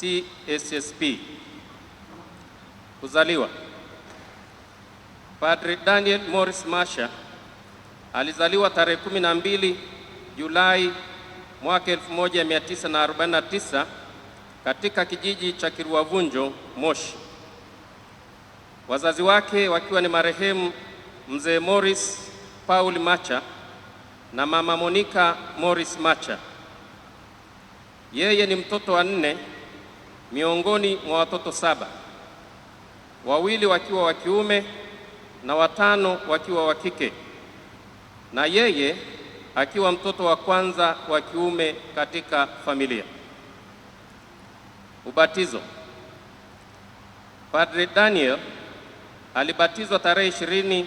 CSSP. Kuzaliwa: Padre Daniel Morris Masha alizaliwa tarehe 12 Julai mwaka 1949 katika kijiji cha Kiruavunjo, Moshi. Wazazi wake wakiwa ni marehemu Mzee Morris Paul Macha na Mama Monica Morris Macha. Yeye ni mtoto wa nne miongoni mwa watoto saba, wawili wakiwa wa kiume na watano wakiwa wa kike, na yeye akiwa mtoto wa kwanza wa kiume katika familia. Ubatizo. Padre Daniel alibatizwa tarehe 20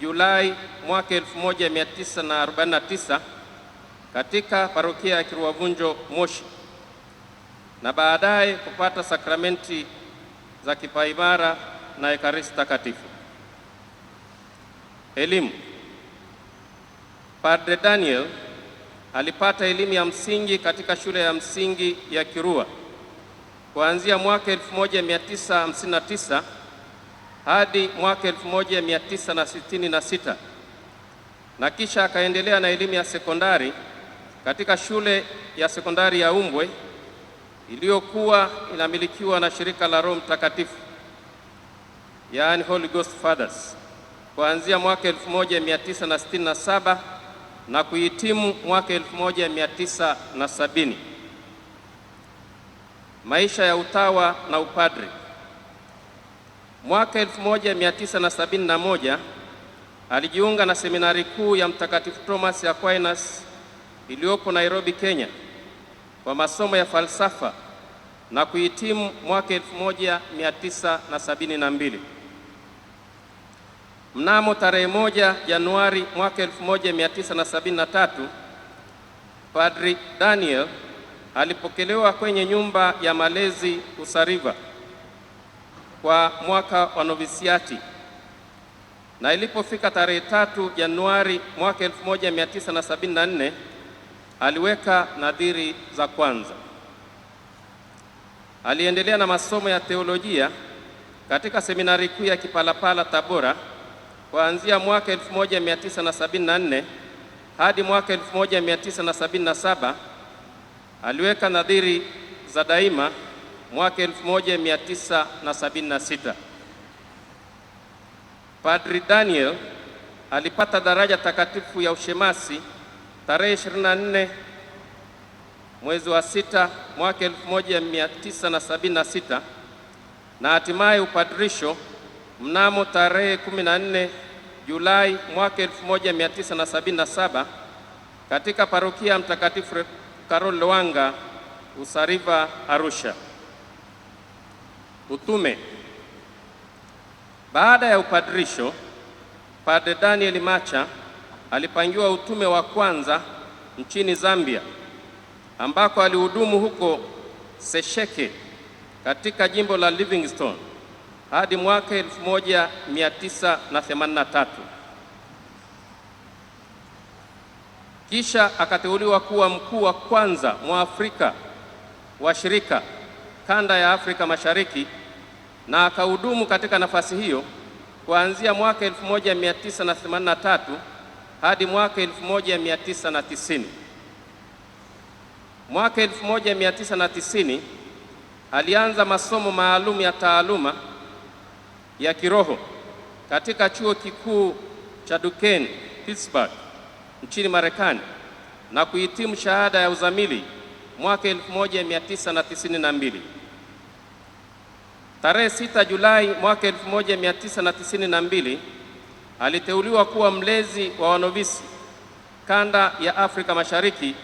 Julai mwaka 1949 katika parokia ya kiruavunjo Moshi na baadaye kupata sakramenti za kipaimara na Ekaristi Takatifu. Elimu. Padre Daniel alipata elimu ya msingi katika shule ya msingi ya Kirua kuanzia mwaka 1959 hadi mwaka 1966 na, na kisha akaendelea na elimu ya sekondari katika shule ya sekondari ya Umbwe iliyokuwa inamilikiwa na shirika la Roho Mtakatifu, yaani Holy Ghost Fathers, kuanzia mwaka 1967 na kuhitimu mwaka 1970. Maisha ya utawa na upadre. Mwaka 1971 alijiunga na seminari kuu ya Mtakatifu Thomas Aquinas iliyopo Nairobi, Kenya kwa masomo ya falsafa na kuhitimu mwaka 1972. Mnamo tarehe moja Januari mwaka 1973 Padri Daniel alipokelewa kwenye nyumba ya malezi Usariva kwa mwaka wa novisiati, na ilipofika tarehe tatu Januari mwaka 1974 aliweka nadhiri za kwanza. Aliendelea na masomo ya teolojia katika seminari kuu ya Kipalapala Tabora kuanzia mwaka 1974 hadi mwaka 1977. Aliweka nadhiri za daima mwaka 1976. Padri Daniel alipata daraja takatifu ya ushemasi tarehe 24 mwezi wa sita mwaka 1976 na hatimaye upadrisho mnamo tarehe 14 Julai mwaka 1977 katika parokia Mtakatifu Karol Lwanga Usariva, Arusha. Utume. Baada ya upadrisho, Padre Daniel Macha alipangiwa utume wa kwanza nchini Zambia, ambako alihudumu huko Sesheke katika jimbo la Livingstone hadi mwaka 1983. Kisha akateuliwa kuwa mkuu wa kwanza mwa Afrika wa shirika kanda ya Afrika Mashariki na akahudumu katika nafasi hiyo kuanzia mwaka 1983 hadi mwaka 1990. Mwaka 1990 alianza masomo maalum ya taaluma ya kiroho katika chuo kikuu cha Duquesne Pittsburgh nchini Marekani na kuhitimu shahada ya uzamili mwaka 1992. Tarehe 6 Julai mwaka 1992 aliteuliwa kuwa mlezi wa wanovisi kanda ya Afrika Mashariki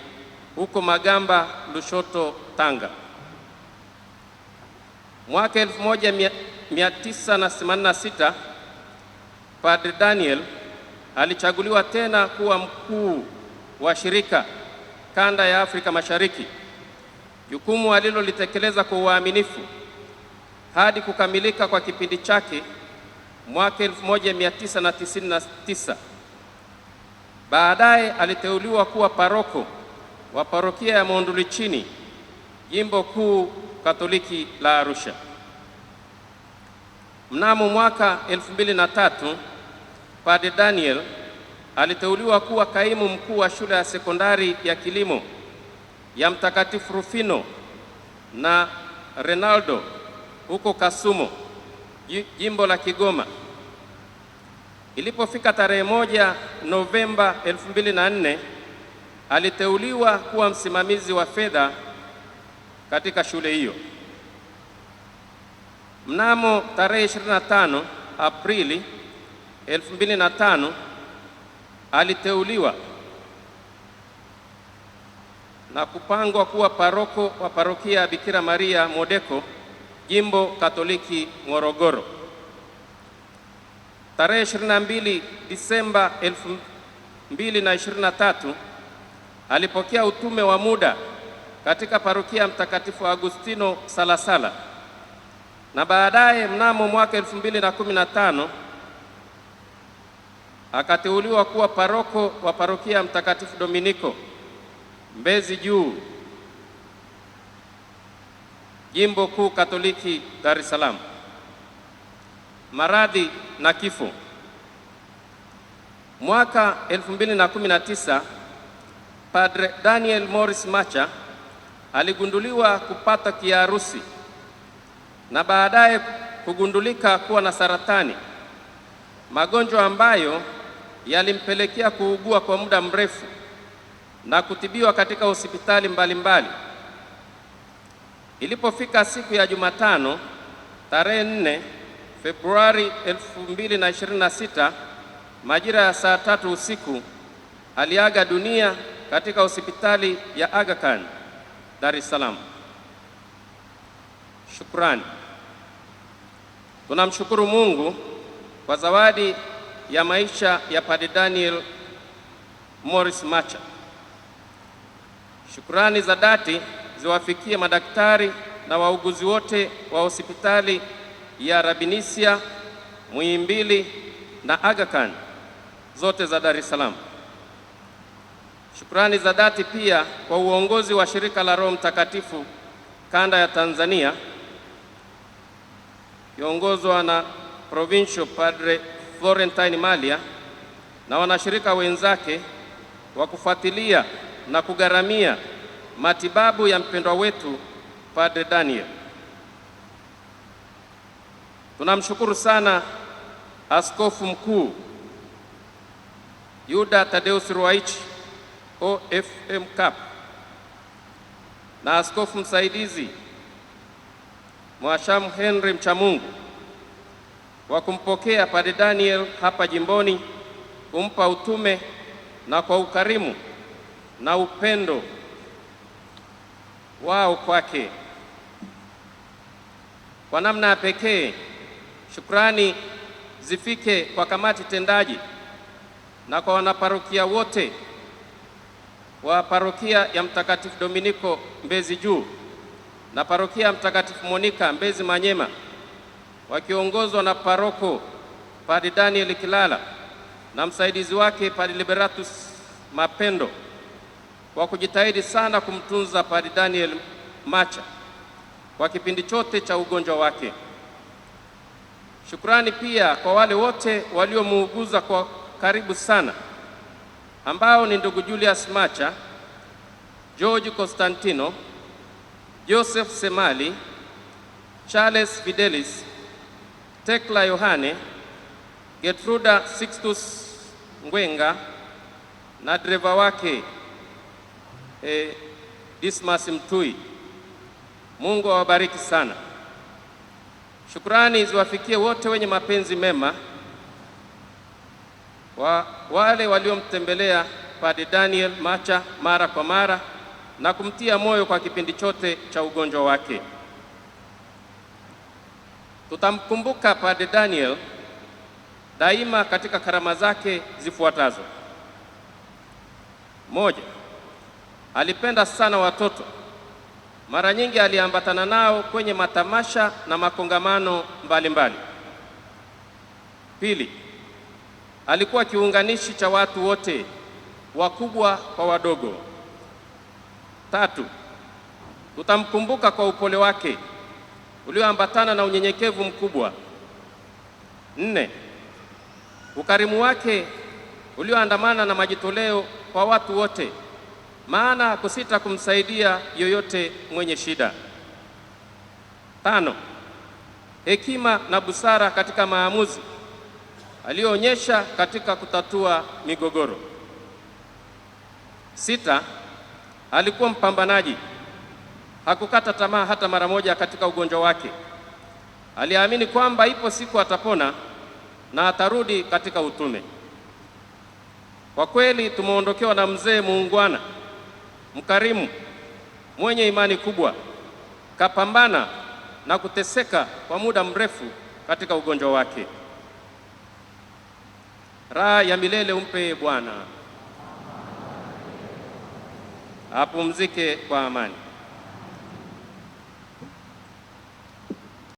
huko Magamba, Lushoto, Tanga. Mwaka 1986 Padre Daniel alichaguliwa tena kuwa mkuu wa shirika kanda ya Afrika Mashariki, jukumu alilolitekeleza kwa uaminifu hadi kukamilika kwa kipindi chake mwaka 1999. Baadaye aliteuliwa kuwa paroko wa parokia ya Monduli-Chini, jimbo kuu Katoliki la Arusha. Mnamo mwaka 2003, Padre Daniel aliteuliwa kuwa kaimu mkuu wa shule ya sekondari ya kilimo ya Mtakatifu Rufino na Renaldo huko Kasumo jimbo la Kigoma. Ilipofika tarehe moja Novemba 2004 aliteuliwa kuwa msimamizi wa fedha katika shule hiyo. Mnamo tarehe 25 Aprili 2005 aliteuliwa na kupangwa kuwa paroko wa parokia ya Bikira Maria Modeko Jimbo Katoliki Morogoro. Tarehe 22 Disemba 2023 alipokea utume wa muda katika parokia Mtakatifu Agustino Salasala, na baadaye mnamo mwaka 2015 akateuliwa kuwa paroko wa parokia Mtakatifu Dominiko Mbezi Juu Jimbo Kuu Katoliki Dar es Salaam. Maradhi na kifo. Mwaka 2019 Padre Daniel Morris Macha aligunduliwa kupata kiharusi na baadaye kugundulika kuwa na saratani, magonjwa ambayo yalimpelekea kuugua kwa muda mrefu na kutibiwa katika hospitali mbalimbali mbali. Ilipofika siku ya Jumatano tarehe 4 Februari 2026 majira ya saa tatu usiku aliaga dunia katika hospitali ya Aga Khan, Dar es Salaam. Shukrani. Tunamshukuru Mungu kwa zawadi ya maisha ya Padre Daniel Morris Macha. Shukrani za dhati ziwafikie madaktari na wauguzi wote wa hospitali ya Rabinisia, Muhimbili na Aga Khan zote za Dar es Salaam. Shukrani za dhati pia kwa uongozi wa shirika la Roho Mtakatifu kanda ya Tanzania kiongozwa na Provincial Padre Florentine Malia na wanashirika wenzake wa kufuatilia na kugharamia matibabu ya mpendwa wetu Padre Daniel. Tunamshukuru sana Askofu Mkuu Yuda Tadeus Ruwaichi OFM Cap na Askofu Msaidizi Mwashamu Henry Mchamungu kwa kumpokea Padre Daniel hapa jimboni, kumpa utume na kwa ukarimu na upendo wao kwake. Kwa namna ya pekee, shukrani zifike kwa kamati tendaji na kwa wanaparokia wote wa parokia ya Mtakatifu Dominiko Mbezi Juu na parokia ya Mtakatifu Monika Mbezi Manyema wakiongozwa na paroko Padre Daniel Kilala na msaidizi wake Padre Liberatus Mapendo kwa kujitahidi sana kumtunza Padre Daniel Macha kwa kipindi chote cha ugonjwa wake. Shukrani pia kwa wale wote waliomuuguza kwa karibu sana ambao ni ndugu Julius Macha, George Constantino, Joseph Semali, Charles Fidelis, Tekla Yohane, Getruda Sixtus Ngwenga na dereva wake eh, Dismas Mtui. Mungu awabariki sana. Shukrani ziwafikie wote wenye mapenzi mema wa, wale waliomtembelea Padre Daniel Macha mara kwa mara na kumtia moyo kwa kipindi chote cha ugonjwa wake. Tutamkumbuka Padre Daniel daima katika karama zake zifuatazo: moja Alipenda sana watoto. Mara nyingi aliambatana nao kwenye matamasha na makongamano mbalimbali mbali. Pili, alikuwa kiunganishi cha watu wote, wakubwa kwa wadogo. Tatu, tutamkumbuka kwa upole wake ulioambatana na unyenyekevu mkubwa. Nne, ukarimu wake ulioandamana na majitoleo kwa watu wote maana hakusita kumsaidia yoyote mwenye shida. Tano, hekima na busara katika maamuzi aliyoonyesha katika kutatua migogoro. Sita, alikuwa mpambanaji, hakukata tamaa hata mara moja katika ugonjwa wake. Aliamini kwamba ipo siku atapona na atarudi katika utume. Kwa kweli tumeondokewa na mzee muungwana mkarimu, mwenye imani kubwa, kapambana na kuteseka kwa muda mrefu katika ugonjwa wake. Raha ya milele umpe Bwana, apumzike kwa amani.